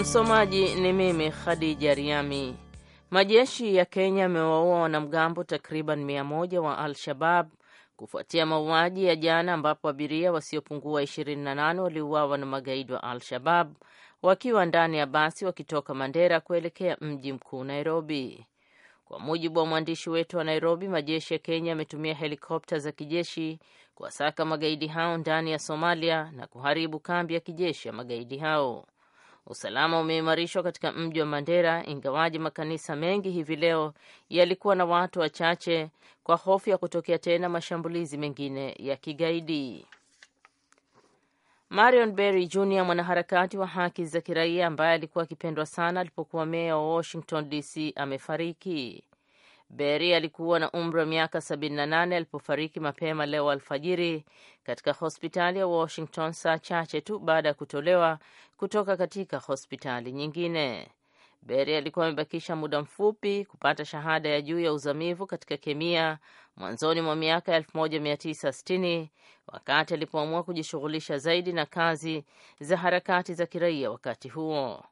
Msomaji ni mimi Khadija Riami. Majeshi ya Kenya yamewaua wanamgambo takriban mia moja wa Al-Shabab kufuatia mauaji ya jana ambapo abiria wasiopungua 28 waliuawa na magaidi wa Al-Shabab wakiwa ndani ya basi wakitoka Mandera kuelekea mji mkuu Nairobi. Kwa mujibu wa mwandishi wetu wa Nairobi, majeshi ya Kenya yametumia helikopta za kijeshi kuwasaka magaidi hao ndani ya Somalia na kuharibu kambi ya kijeshi ya magaidi hao. Usalama umeimarishwa katika mji wa Mandera, ingawaji makanisa mengi hivi leo yalikuwa na watu wachache kwa hofu ya kutokea tena mashambulizi mengine ya kigaidi. Marion Barry Jr, mwanaharakati wa haki za kiraia ambaye alikuwa akipendwa sana alipokuwa meya wa Washington DC, amefariki. Beri alikuwa na umri wa miaka 78 alipofariki mapema leo alfajiri katika hospitali ya Washington saa chache tu baada ya kutolewa kutoka katika hospitali nyingine. Beri alikuwa amebakisha muda mfupi kupata shahada ya juu ya uzamivu katika kemia mwanzoni mwa miaka ya 1960 wakati alipoamua kujishughulisha zaidi na kazi za harakati za kiraia wakati huo.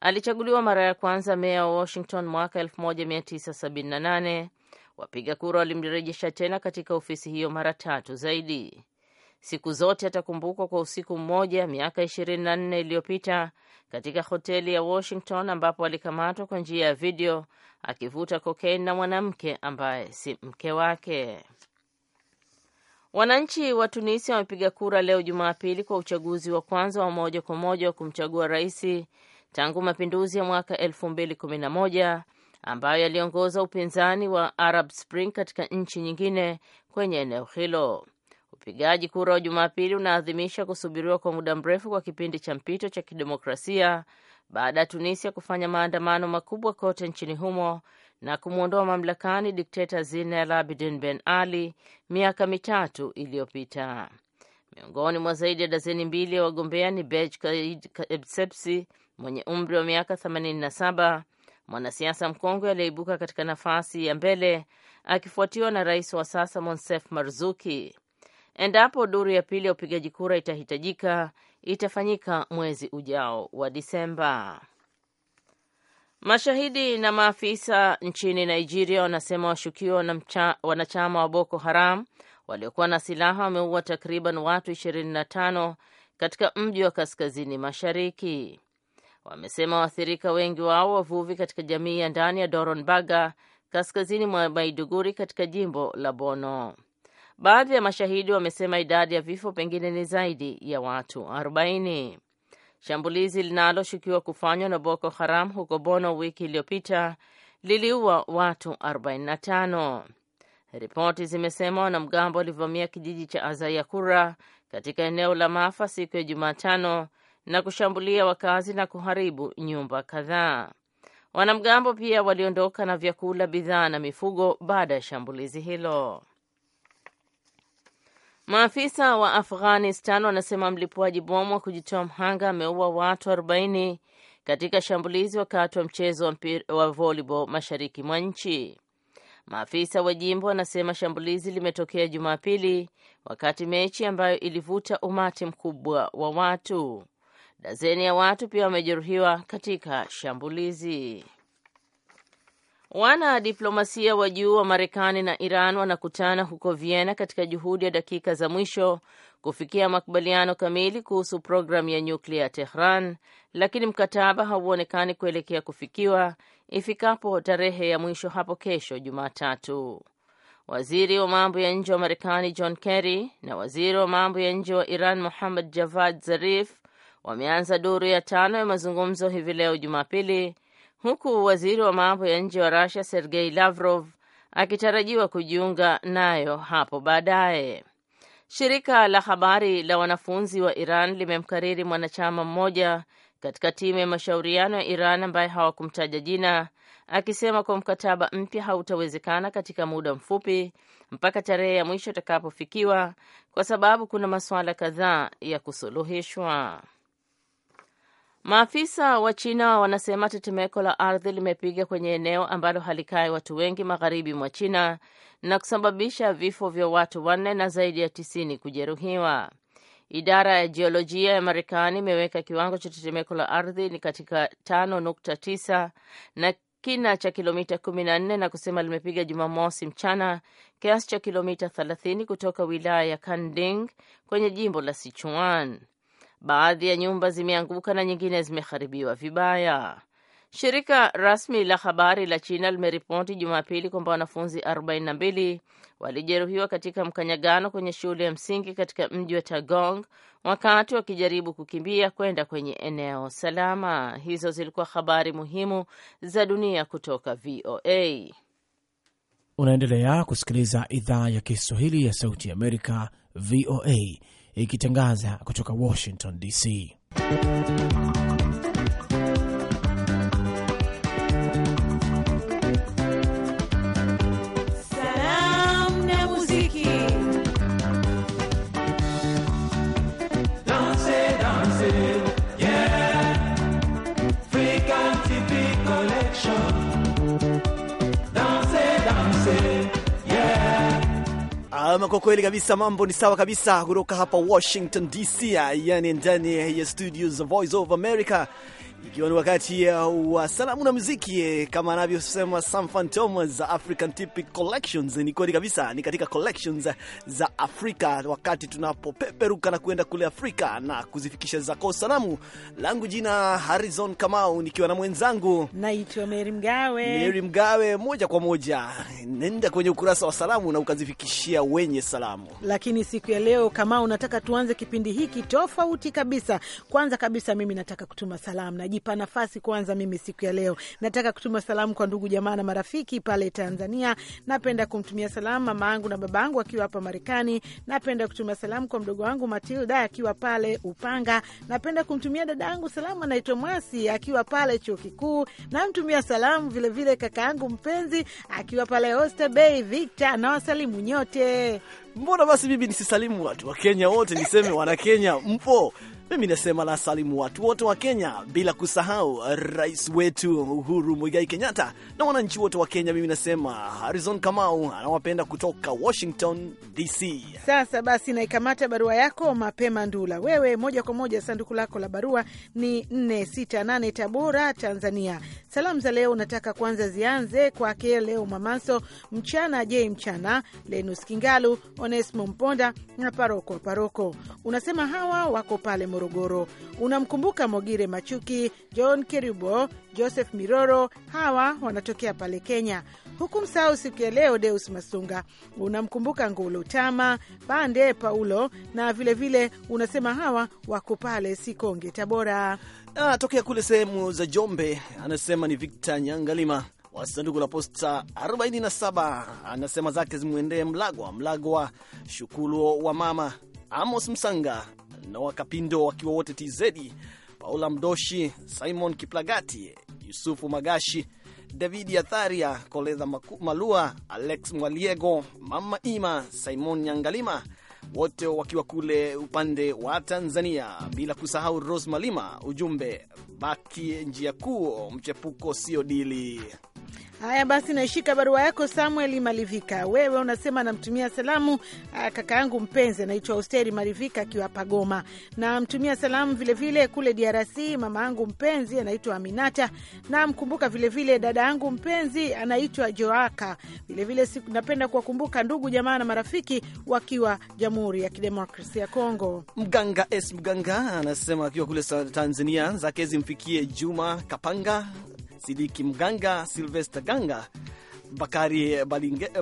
Alichaguliwa mara ya kwanza meya wa Washington mwaka 1978. Wapiga kura walimrejesha tena katika ofisi hiyo mara tatu zaidi. Siku zote atakumbukwa kwa usiku mmoja miaka 24 iliyopita katika hoteli ya Washington ambapo alikamatwa kwa njia ya video akivuta kokaini na mwanamke ambaye si mke wake. Wananchi wa Tunisia wamepiga kura leo Jumapili kwa uchaguzi wa kwanza wa moja kwa moja wa kumchagua raisi tangu mapinduzi ya mwaka 2011 ambayo yaliongoza upinzani wa Arab Spring katika nchi nyingine kwenye eneo hilo. Upigaji kura wa Jumapili unaadhimisha kusubiriwa kwa muda mrefu kwa kipindi cha mpito cha kidemokrasia baada ya Tunisia kufanya maandamano makubwa kote nchini humo na kumwondoa mamlakani dikteta Zine El Abidine Ben Ali miaka mitatu iliyopita. Miongoni mwa zaidi ya dazeni mbili ya wagombea ni Bej Kaid Ebsebsi mwenye umri wa miaka 87, mwanasiasa mkongwe aliyeibuka katika nafasi ya mbele akifuatiwa na rais wa sasa Monsef Marzuki. Endapo duru ya pili ya upigaji kura itahitajika, itafanyika mwezi ujao wa Disemba. Mashahidi na maafisa nchini Nigeria wanasema washukiwa wanachama wa Boko Haram waliokuwa na silaha wameua takriban watu 25 katika mji wa kaskazini mashariki. Wamesema waathirika wengi wao wavuvi katika jamii ya ndani ya Doronbaga kaskazini mwa Maiduguri katika jimbo la Bono. Baadhi ya mashahidi wamesema idadi ya vifo pengine ni zaidi ya watu 40. Shambulizi linaloshukiwa kufanywa na Boko Haram huko Bono wiki iliyopita liliua watu 45. Ripoti zimesema wanamgambo walivamia kijiji cha Azayakura katika eneo la mafa siku ya Jumatano na kushambulia wakazi na kuharibu nyumba kadhaa. Wanamgambo pia waliondoka na vyakula, bidhaa na mifugo baada ya shambulizi hilo. Maafisa wa Afghanistan wanasema mlipuaji bomu wa kujitoa mhanga ameua watu 40 katika shambulizi wakati wa mchezo wa volleyball mashariki mwa nchi. Maafisa wa jimbo wanasema shambulizi limetokea Jumapili wakati mechi ambayo ilivuta umati mkubwa wa watu. Dazeni ya watu pia wamejeruhiwa katika shambulizi. Wana diplomasia wa juu wa Marekani na Iran wanakutana huko Vienna katika juhudi ya dakika za mwisho kufikia makubaliano kamili kuhusu programu ya nyuklia ya Tehran, lakini mkataba hauonekani kuelekea kufikiwa ifikapo tarehe ya mwisho hapo kesho Jumatatu. Waziri wa mambo ya nje wa Marekani John Kerry na waziri wa mambo ya nje wa Iran Muhammad Javad Zarif wameanza duru ya tano ya mazungumzo hivi leo Jumapili, huku waziri wa mambo ya nje wa Russia Sergei Lavrov akitarajiwa kujiunga nayo hapo baadaye. Shirika la habari la wanafunzi wa Iran limemkariri mwanachama mmoja katika timu ya mashauriano ya Iran ambaye hawakumtaja jina akisema kuwa mkataba mpya hautawezekana katika muda mfupi mpaka tarehe ya mwisho itakapofikiwa, kwa sababu kuna masuala kadhaa ya kusuluhishwa. Maafisa wa China wanasema tetemeko la ardhi limepiga kwenye eneo ambalo halikai watu wengi magharibi mwa China na kusababisha vifo vya watu wanne na zaidi ya tisini kujeruhiwa. Idara ya jiolojia ya Marekani imeweka kiwango cha tetemeko la ardhi ni katika 5.9 na kina cha kilomita 14 na kusema limepiga Jumamosi mchana kiasi cha kilomita 30 kutoka wilaya ya Kanding kwenye jimbo la Sichuan. Baadhi ya nyumba zimeanguka na nyingine zimeharibiwa vibaya. Shirika rasmi la habari la China limeripoti Jumapili kwamba wanafunzi 42 walijeruhiwa katika mkanyagano kwenye shule ya msingi katika mji wa Tagong wakati wakijaribu kukimbia kwenda kwenye eneo salama. Hizo zilikuwa habari muhimu za dunia kutoka VOA. Unaendelea kusikiliza idhaa ya Kiswahili ya Sauti ya Amerika, VOA ikitangaza kutoka Washington DC. Ama kwa kweli kabisa mambo ni sawa kabisa kutoka hapa Washington DC, yani ndani ya studios Voice of America ikiwa ni wakati wa salamu na muziki, eh, kama anavyosema Sam Fantomas, za African Typic Collections. Ni kweli kabisa, ni katika collections za Afrika, wakati tunapopeperuka na kuenda kule Afrika na kuzifikisha zako salamu. Langu jina Harrison Kamau, nikiwa na mwenzangu naitwa Meri Mgawe. Meri Mgawe, moja kwa moja nenda kwenye ukurasa wa salamu na ukazifikishia wenye salamu. Lakini siku ya leo, Kamau, nataka tuanze kipindi hiki tofauti kabisa. Kwanza kabisa, mimi nataka kutuma salamu na najipa nafasi kwanza. Mimi siku ya leo nataka kutuma salamu kwa ndugu jamaa na marafiki pale Tanzania. Napenda kumtumia salamu mama yangu na baba yangu akiwa hapa Marekani. Napenda kutuma salamu kwa mdogo wangu Matilda akiwa pale Upanga. Napenda kumtumia dada yangu salamu anaitwa Mwasi akiwa pale chuo kikuu. Namtumia salamu vilevile kaka yangu mpenzi akiwa pale Oysterbay Victor, nawasalimu nyote. Mbona basi mimi nisisalimu watu wa Kenya wote, niseme wana Kenya mpo? Mimi nasema la salimu watu wote wa Kenya, bila kusahau rais wetu Uhuru Muigai Kenyatta na wananchi wote wa Kenya. Mimi nasema Harrison Kamau anawapenda kutoka Washington DC. Sasa basi, naikamata barua yako mapema Ndula, wewe moja kwa moja. Sanduku lako la barua ni 468 Tabora, Tanzania. Salamu za leo nataka kwanza zianze kwake leo Mamaso mchana, je mchana Lenus Kingalu onesimo Mponda na Paroko wa Paroko. Unasema hawa wako pale Morogoro. Unamkumbuka Mogire Machuki, John Kerubo, Joseph Miroro, hawa wanatokea pale Kenya. huku msahau siku ya leo Deus Masunga, unamkumbuka Ngulu Tama, Bande Paulo na vilevile vile unasema hawa wako pale Sikonge, Tabora. Ah, tokea kule sehemu za Jombe, anasema ni Victor Nyangalima wa sanduku la posta 47 anasema zake zimwendee Mlagwa Mlagwa, Shukulu wa mama Amos Msanga na Wakapindo wakiwa wote TZ, Paula Mdoshi, Simon Kiplagati, Yusufu Magashi, Davidi Atharia, Koleza Malua, Alex Mwaliego, Mama Ima, Simon Nyangalima, wote wakiwa kule upande wa Tanzania, bila kusahau Rose Malima. Ujumbe baki njia kuu, mchepuko sio dili. Haya basi, naishika barua yako Samuel Malivika. Wewe unasema namtumia salamu ah, kaka yangu mpenzi anaitwa Austeri Malivika akiwa hapa Goma. Namtumia salamu vilevile vile kule DRC mama yangu mpenzi anaitwa Aminata. Namkumbuka vilevile dada yangu mpenzi anaitwa Joaka. Vilevile napenda kuwakumbuka ndugu jamaa na marafiki wakiwa Jamhuri ya Kidemokrasia ya Kongo. Mganga S Mganga anasema akiwa kule Tanzania, zake zimfikie Juma Kapanga Sidiki Mganga, Silvester Ganga, Bakari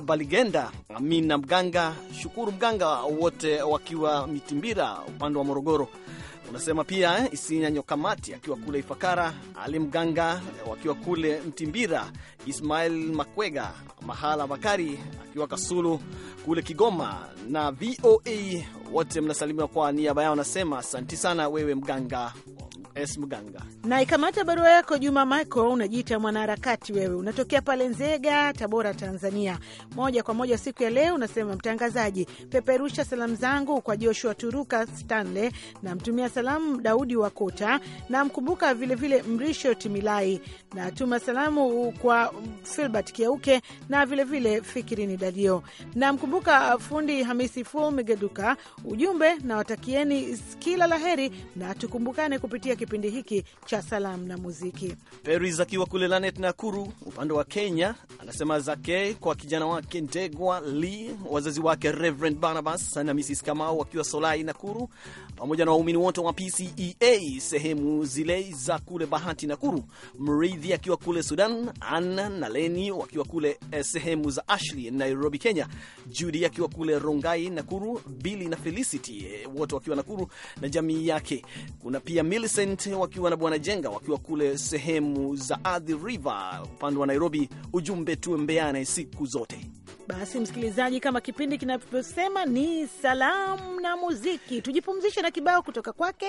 Baligenda, Amina Mganga, Shukuru Mganga, wote wakiwa Mitimbira upande wa Morogoro. Unasema pia eh, Isinya Nyokamati akiwa kule Ifakara, Ali Mganga wakiwa kule Mtimbira, Ismail Makwega, Mahala Bakari akiwa Kasulu kule Kigoma na VOA wote mnasalimiwa kwa niaba yao, nasema asanti sana wewe Mganga S. Mganga. Na ikamata barua yako Juma Michael, unajiita mwanaharakati wewe, unatokea pale Nzega, Tabora, Tanzania. Moja kwa moja siku ya leo unasema, mtangazaji, peperusha salamu zangu kwa Joshua Turuka Stanley, namtumia salamu Daudi Wakota, namkumbuka vilevile Mrisho Timilai, natuma salamu kwa Filbert Kiauke na vilevile vile Fikirini Dalio, namkumbuka fundi Hamisi Fu Migeduka. Ujumbe nawatakieni kila laheri na tukumbukane kupitia kipindi hiki cha salamu na muziki. Peris akiwa kule Lanet Nakuru upande wa Kenya anasema zake kwa kijana wake ndegwa Lee, wazazi wake Reverend Barnabas na Mrs Kamau wakiwa Solai Nakuru, pamoja na waumini wote wa PCEA sehemu zile za kule Bahati Nakuru, Mridhi akiwa kule Sudan, Anna na Leni wakiwa kule eh, sehemu za Ashley Nairobi, Kenya, Judy akiwa kule Rongai Nakuru, Billy na Felicity eh, wote wakiwa Nakuru na jamii yake. Kuna pia Millicent wakiwa na Bwana Jenga wakiwa kule sehemu za Athi River upande wa Nairobi. Ujumbe tuembeane siku zote. Basi msikilizaji, kama kipindi kinavyosema ni salamu na muziki, tujipumzishe na kibao kutoka kwake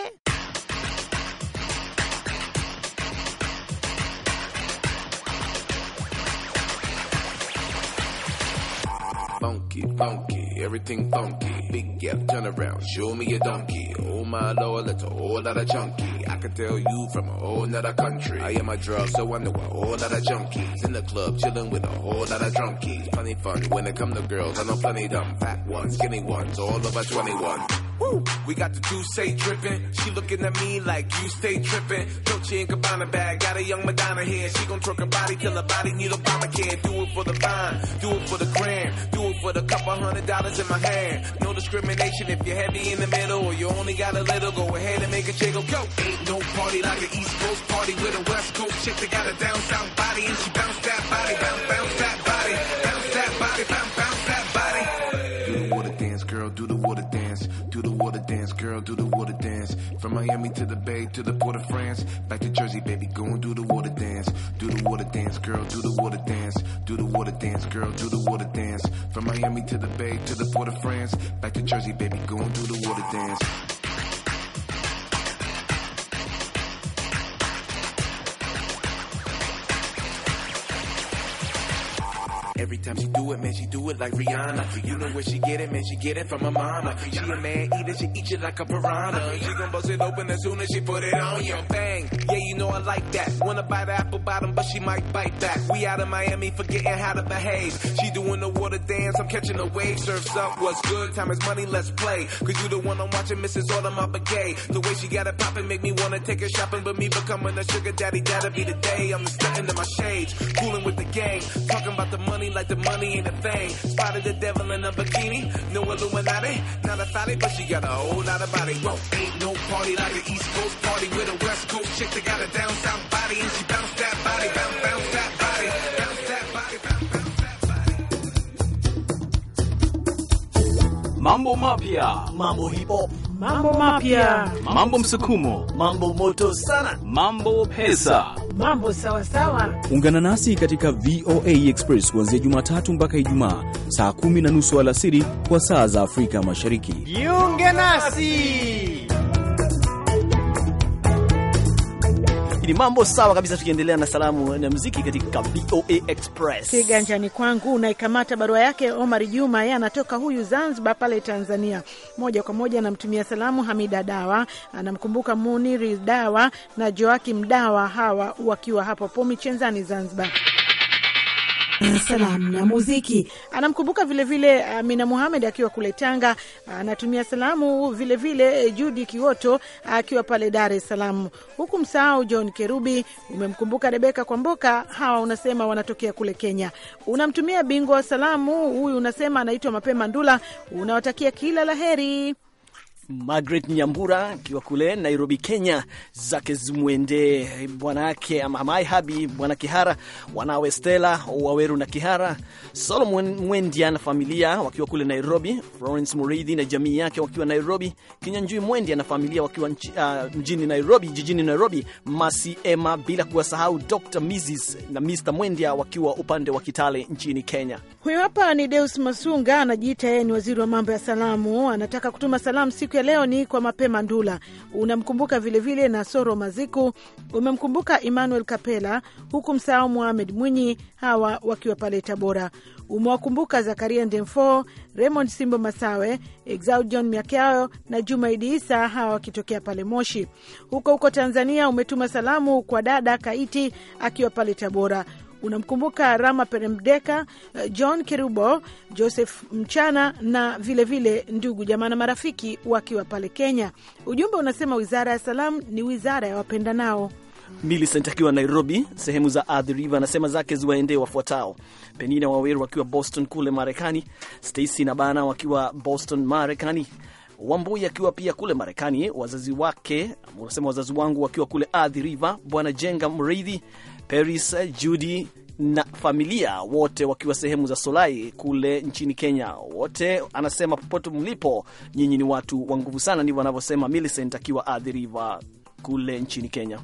Bunky, bunky. everything funky. Big gap, turn around, show me a donkey. Oh my lord, that's a whole lot of junkie. I can tell you from a whole nother country. I am a drug, so I know a whole lot of junkies. In the club, chilling with a whole lot of drunkies. Plenty fun when it come to girls, I know plenty dumb. Fat ones, skinny ones, all over 21. Woo! We got the juice say dripping. She looking at me like you stay tripping. Dolce and Gabbana bag, got a young Madonna here. She gon' twerk her body till her body need Obamacare. Do it for the vine, do it for the gram, do it for the couple hundred dollars dollars in my hand. No discrimination if you're heavy in the middle or you only got a little. Go ahead and make a jiggle. Go. Ain't no party like an East Coast party with a West Coast chick that got a down south body and she bounce that body, bounce, bounce that body, bounce that body, bounce, bounce that body. Do the water dance, girl. Do the water dance water dance, girl, do the water dance. From Miami to the Bay to the Port of France, back to Jersey, baby, go and do the water dance. Do the water dance, girl, do the water dance. Do the water dance, girl, do the water dance. From Miami to the Bay to the Port of France, back to Jersey, baby, go and do the water dance. Every time she do it, man, she do it like Rihanna. You know where she get it, man, she get it from her mama. She a man eater, she eat it like a piranha. She gon' bust it open as soon as she put it on your Bang, yeah, you know I like that. Wanna buy the apple bottom, but she might bite back. We out of Miami, forgetting how to behave. She doing the water dance, I'm catching the wave. Surfs up, what's good? Time is money, let's play. Cause you the one I'm watching, Mrs. All of my gay. The way she got it poppin', make me wanna take her shopping, but me becoming a sugar daddy, that'll be the day. I'm stunting in my shades, coolin' with the gang, talking about the money money like the money ain't a thing. Spotted the devil in a bikini, no Illuminati, not a thotty, but she got a whole lot of body. Well, ain't no party like the East Coast party with a West Coast chick that got a down south body and she bounce that body, bounce, bounce that body, bounce that body, bounce, that body. Mambo mapya, mambo hip hop. Mambo mapya, mambo msukumo, mambo moto sana, mambo pesa. mambo sawa sawa. Ungana nasi katika VOA Express kuanzia Jumatatu mpaka Ijumaa saa kumi na nusu alasiri kwa saa za Afrika Mashariki. Jiunge nasi. lakini mambo sawa kabisa. Tukiendelea na salamu na muziki katika VOA Express, kiganjani kwangu unaikamata barua yake Omar Juma, yeye anatoka huyu Zanzibar pale Tanzania. Moja kwa moja anamtumia salamu Hamida Dawa, anamkumbuka Muniri Dawa na Joakim Dawa, hawa wakiwa hapo Pomi Chenzani Zanzibar salamu na muziki. Anamkumbuka vilevile uh, Amina muhamed akiwa kule Tanga, uh, anatumia salamu vilevile eh, Judi Kiwoto uh, akiwa pale Dar es Salaam, huku msahau John Kerubi. Umemkumbuka Rebeka Kwamboka, hawa unasema wanatokea kule Kenya. Unamtumia bingwa wa salamu huyu, unasema anaitwa Mapema Ndula, unawatakia kila laheri. Margaret Nyambura akiwa kule Nairobi, Kenya, zake zimwendee bwana yake ama my hubby bwana Kihara, wanawe Stella Waweru na Kihara, Solomon Mwendia na familia wakiwa kule Nairobi, Florence Muridhi na jamii yake wakiwa Nairobi, Kinyanjui Mwendia na familia wakiwa nchi, uh, mjini Nairobi, jijini Nairobi, Masi Emma, bila kuwasahau Dr Mrs na Mr Mwendia wakiwa upande wa Kitale nchini Kenya. Huyu hapa ni Deus Masunga, anajiita yeye ni waziri wa mambo ya salamu, anataka kutuma salamu siku ya leo ni kwa mapema Ndula, unamkumbuka vilevile Nasoro Maziku, umemkumbuka Emmanuel Kapela, huku msahau Muhamed Mwinyi, hawa wakiwa pale Tabora. Umewakumbuka Zakaria Ndemfo, Raymond Simbo Masawe, Exau John Miakao na jumaidi Isa, hawa wakitokea pale Moshi. Huko huko Tanzania umetuma salamu kwa dada Kaiti akiwa pale Tabora Unamkumbuka Rama Peremdeka, eh, John Kerubo, Joseph Mchana na vilevile vile ndugu jamaa na marafiki wakiwa pale Kenya. Ujumbe unasema wizara ya salamu ni wizara ya nao Millicent akiwa Nairobi, sehemu za Athi River, anasema zake ziwaendee wafuatao: Penina Waweru wakiwa Boston kule Marekani, Stacy na Bana wakiwa Boston Marekani, Wambui akiwa pia kule Marekani, wazazi wake unasema wazazi wangu wakiwa kule Athi River, Bwana Jenga Mridhi, Paris Judy na familia wote wakiwa sehemu za Solai kule nchini Kenya. Wote anasema popote mlipo, nyinyi ni watu wa nguvu sana, ndivyo anavyosema Millicent akiwa Athi River kule nchini Kenya.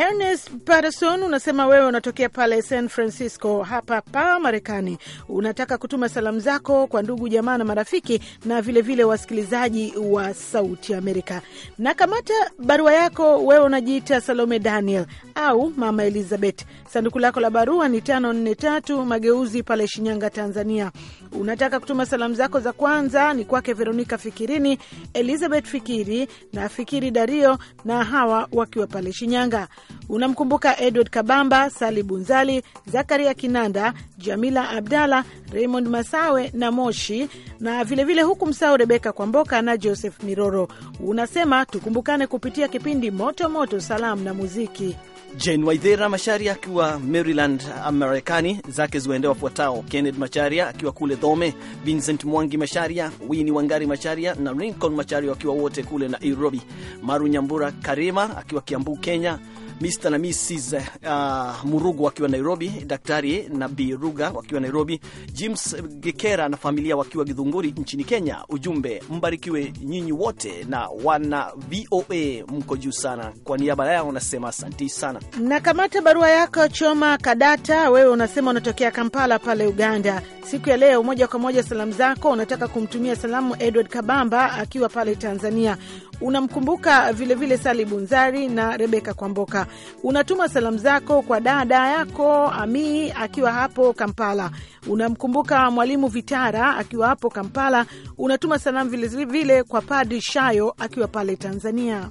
Ernest Patterson unasema wewe unatokea pale San Francisco hapa pa Marekani, unataka kutuma salamu zako kwa ndugu jamaa na marafiki na vilevile vile wasikilizaji wa Sauti Amerika. Na kamata barua yako, wewe unajiita Salome Daniel au Mama Elizabeth. Sanduku lako la barua ni 543 Mageuzi pale Shinyanga, Tanzania. Unataka kutuma salamu zako za kwanza ni kwake Veronika Fikirini, Elizabeth Fikiri na Fikiri Dario na hawa wakiwa pale Shinyanga. Unamkumbuka Edward Kabamba, Sali Bunzali, Zakaria Kinanda, Jamila Abdalla, Raymond Masawe na Moshi, na vilevile huku msao Rebeka Kwamboka na Joseph Miroro. Unasema tukumbukane kupitia kipindi moto moto, salamu na muziki. Jane Waithera Masharia akiwa Maryland, Marekani, zake ziwaende wafuatao: Kenneth Macharia akiwa kule Dhome, Vincent Mwangi Macharia, Wini Wangari Macharia na Rincon Macharia wakiwa wote kule na Nairobi, Maru Nyambura Karima akiwa Kiambu, Kenya, Mr na Mrs uh, Murugu wakiwa Nairobi, Daktari Nabi Ruga wakiwa Nairobi, James Gekera na familia wakiwa Githunguri nchini Kenya. Ujumbe, mbarikiwe nyinyi wote na wana VOA, mko juu sana. Kwa niaba yao unasema asanti sana. Nakamata barua yako Choma Kadata, wewe unasema unatokea Kampala pale Uganda. Siku ya leo moja kwa moja salamu zako unataka kumtumia salamu Edward Kabamba akiwa pale Tanzania Unamkumbuka vilevile Sali Bunzari na Rebeka Kwamboka. Unatuma salamu zako kwa dada yako Amii akiwa hapo Kampala. Unamkumbuka Mwalimu Vitara akiwa hapo Kampala. Unatuma salamu vilevile kwa Padri Shayo akiwa pale Tanzania.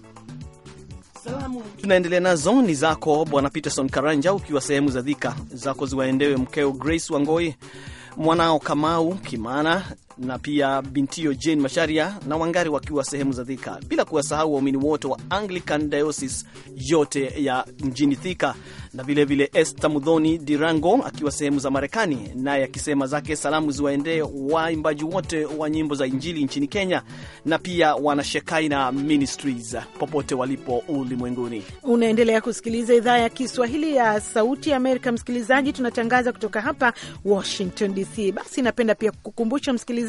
Salamu tunaendelea nazo ni zako Bwana Peterson Karanja ukiwa sehemu za Dhika, zako ziwaendewe mkeo Grace Wangoi, mwanao Kamau Kimana, na pia bintio Jane Masharia na Wangari wakiwa sehemu za Thika, bila kuwasahau waumini wote wa Anglican Diocese yote ya mjini Thika, na vilevile Esther Mudhoni Dirango akiwa sehemu za Marekani, naye akisema zake salamu ziwaendee waimbaji wote wa nyimbo za Injili nchini Kenya na pia wanashekaina Ministries popote walipo ulimwenguni. Unaendelea kusikiliza idhaa ya Kiswahili ya Sauti ya Amerika. Msikilizaji, tunatangaza kutoka hapa Washington DC. Basi napenda pia kukumbusha msikilizaji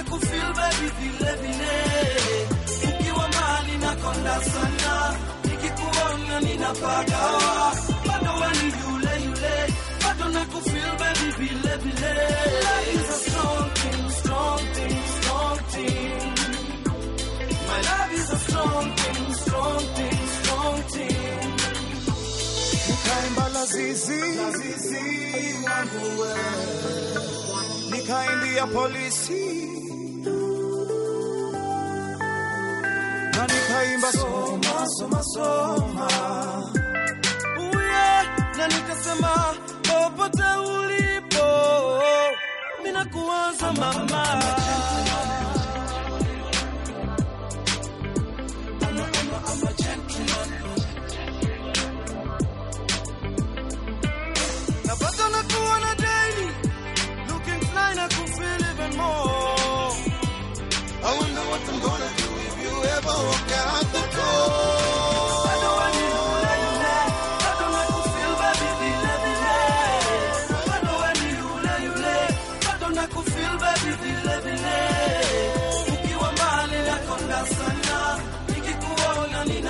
na is a strong thing, strong thing, strong thing. My love is a strong thing, strong thing, strong thing. nikaimbia polisi nikaimba soma soma soma, uye na nikasema popote ulipo minakuwaza mama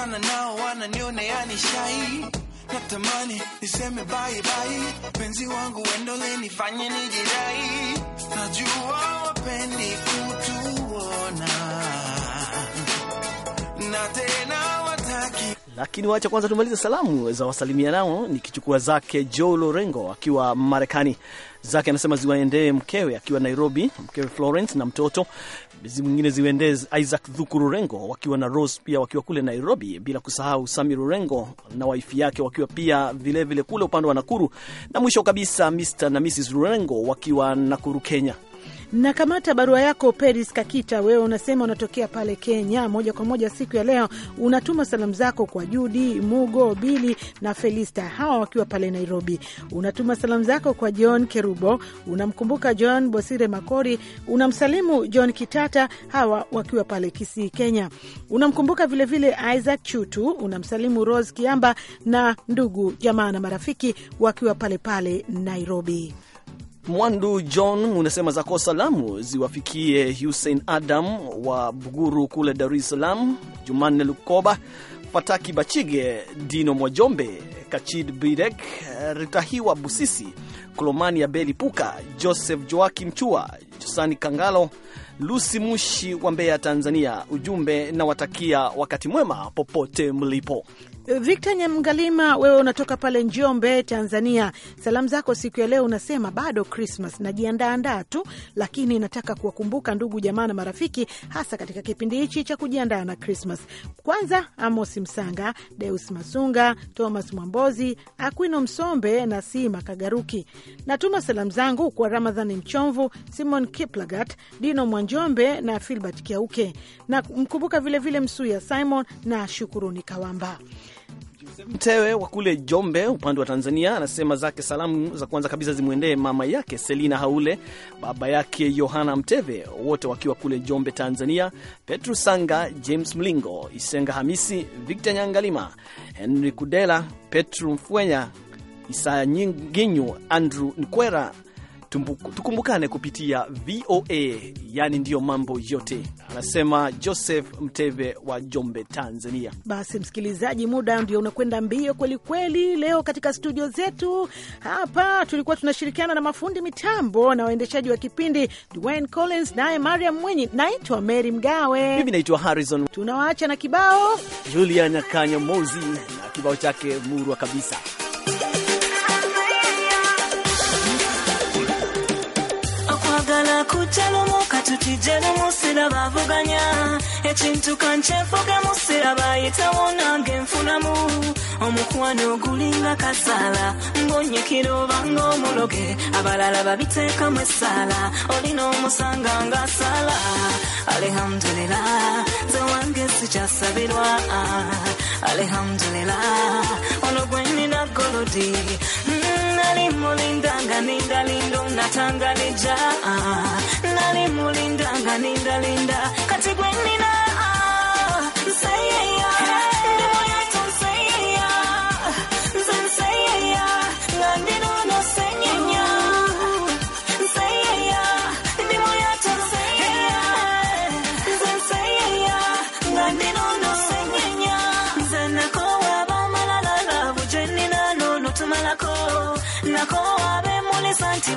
Wasichana nao wananiona yani shai, natamani niseme bye bye, penzi wangu endole nifanye nijidai, najua wapendi Lakini wacha kwanza tumalize salamu za wasalimia nao, nikichukua zake Joe Lorengo akiwa Marekani. Zake anasema ziwaendee mkewe akiwa Nairobi, mkewe Florence na mtoto mwingine, ziwaendee Isaac Dhuku Rurengo wakiwa na Rose pia wakiwa kule Nairobi, bila kusahau Sami Rurengo na waifi yake wakiwa pia vilevile vile kule upande wa Nakuru, na mwisho kabisa Mr na Mrs Rurengo wakiwa Nakuru, Kenya na kamata barua yako Peris Kakita, wewe unasema unatokea pale Kenya. Moja kwa moja siku ya leo unatuma salamu zako kwa Judi Mugo, Bili na Felista, hawa wakiwa pale Nairobi. Unatuma salamu zako kwa John Kerubo, unamkumbuka John Bosire Makori, unamsalimu John Kitata, hawa wakiwa pale Kisii, Kenya. Unamkumbuka vilevile vile Isaac Chutu, unamsalimu Rose Kiamba na ndugu jamaa na marafiki wakiwa pale pale Nairobi. Mwandu John unasema zako salamu ziwafikie Hussein Adam wa Buguru kule Dar es Salaam, Jumanne Lukoba, Fataki Bachige, Dino Mwajombe, Kachid Birek, Ritahiwa Busisi, Kolomani beli Puka, Joseph Joakim Chua, Josani Kangalo, Lusi Mushi wa Mbeya, Tanzania. Ujumbe na watakia wakati mwema popote mlipo. Victor Nyamgalima, wewe unatoka pale Njombe, Tanzania. Salamu zako siku ya leo unasema bado Krismas najiandaandaa tu, lakini nataka kuwakumbuka ndugu jamaa na marafiki, hasa katika kipindi hichi cha kujiandaa na Krismas. Kwanza Amos Msanga, Deus Masunga, Thomas Mwambozi, Akwino Msombe na Sima Kagaruki. Natuma salamu zangu kwa Ramadhani Mchomvu, Simon Kiplagat, Dino Mwanjombe na Filbert Kiauke, na mkumbuka vilevile Msuya Simon na Shukuruni Kawamba. Mtewe wa kule Jombe upande wa Tanzania anasema zake salamu za kwanza kabisa zimwendee mama yake Selina Haule, baba yake Yohana Mteve, wote wakiwa kule Jombe Tanzania, Petru Sanga, James Mlingo, Isenga Hamisi, Victor Nyangalima, Henry Kudela, Petru Mfwenya, Isaya Nyinginyu, Andrew Nkwera tukumbukane kupitia VOA, yani ndiyo mambo yote, anasema Joseph Mteve wa Jombe, Tanzania. Basi msikilizaji, muda ndio unakwenda mbio kwelikweli. Leo katika studio zetu hapa tulikuwa tunashirikiana na mafundi mitambo na waendeshaji wa kipindi Dwayne Collins naye Mariam mwinyi Naitwa Mary Mgawe, mimi naitwa Harrison. Tunawaacha na kibao Julian Kanyamozi na kibao chake murwa kabisa. nakuja lumu katutije lumu siraba avuganya ekintu kancenfugemu siraba ayitawo nange nfunamu omukwano gulinga kasala ngonyikira obanga omuloge abalala babiteekamu essaala olina omusanga ngaasala alehamdulila nze wange sikyasabirwa alehamdulila ono gwenina golodi mm. Nani mulindanga ninda lindo natangalija Nani mulindanga ninda linda kati gwenina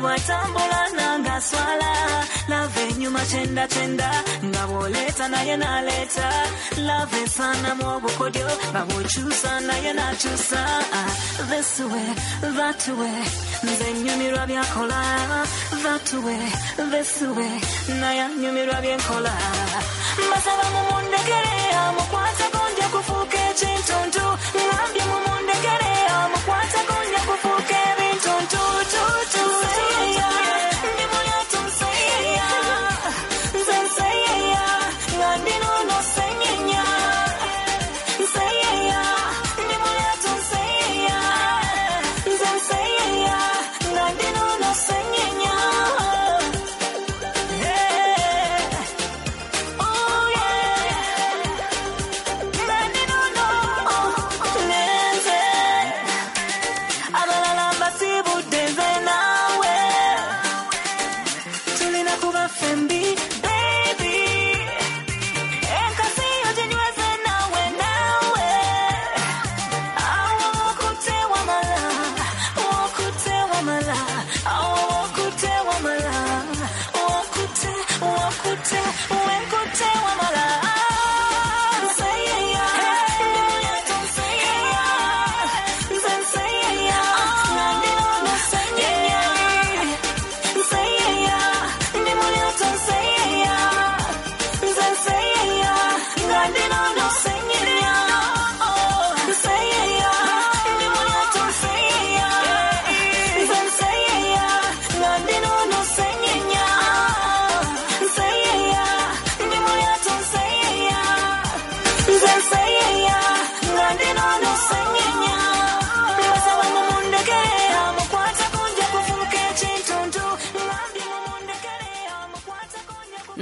bw'atambula nanga swala lave enyuma kyendakenda nga naye obukodyo nga bw'okyusa naye n'akyusa nze nyumirwa byakola naye nyumirwa byenkola mbasaba mumundekere amukwatako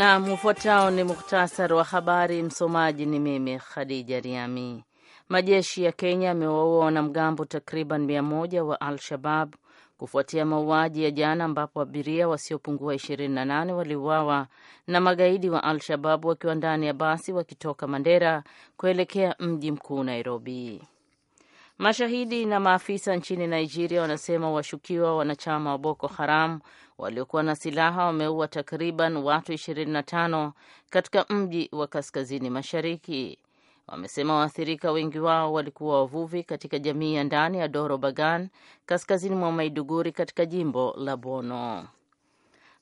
Nam, ufuatao ni muhtasari wa habari. Msomaji ni mimi Khadija Riami. Majeshi ya Kenya yamewaua wanamgambo takriban mia moja wa Al Shabab kufuatia mauaji ya jana ambapo abiria wasiopungua 28 waliuawa na magaidi wa Al Shabab wakiwa ndani ya basi wakitoka Mandera kuelekea mji mkuu Nairobi. Mashahidi na maafisa nchini Nigeria wanasema washukiwa wanachama wa Boko Haram waliokuwa na silaha wameua takriban watu 25 katika mji wa kaskazini mashariki. Wamesema waathirika wengi wao walikuwa wavuvi katika jamii ya ndani ya Doro Bagan, kaskazini mwa Maiduguri, katika jimbo la Bono.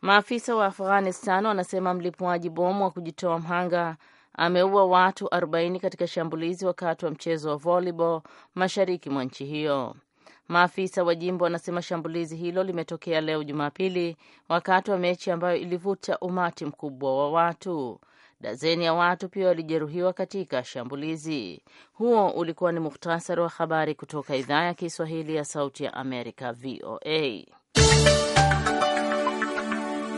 Maafisa wa Afghanistan wanasema mlipuaji bomu wa kujitoa mhanga ameua watu 40 katika shambulizi wakati wa mchezo wa volleyball mashariki mwa nchi hiyo. Maafisa wa jimbo wanasema shambulizi hilo limetokea leo Jumapili wakati wa mechi ambayo ilivuta umati mkubwa wa watu. Dazeni ya watu pia walijeruhiwa katika shambulizi. Huo ulikuwa ni muhtasari wa habari kutoka idhaa ya Kiswahili ya Sauti ya Amerika, VOA.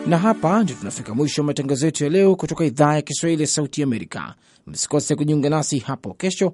Na hapa ndio tunafika mwisho wa matangazo yetu ya leo kutoka idhaa ya Kiswahili ya Sauti ya Amerika. Msikose kujiunga nasi hapo kesho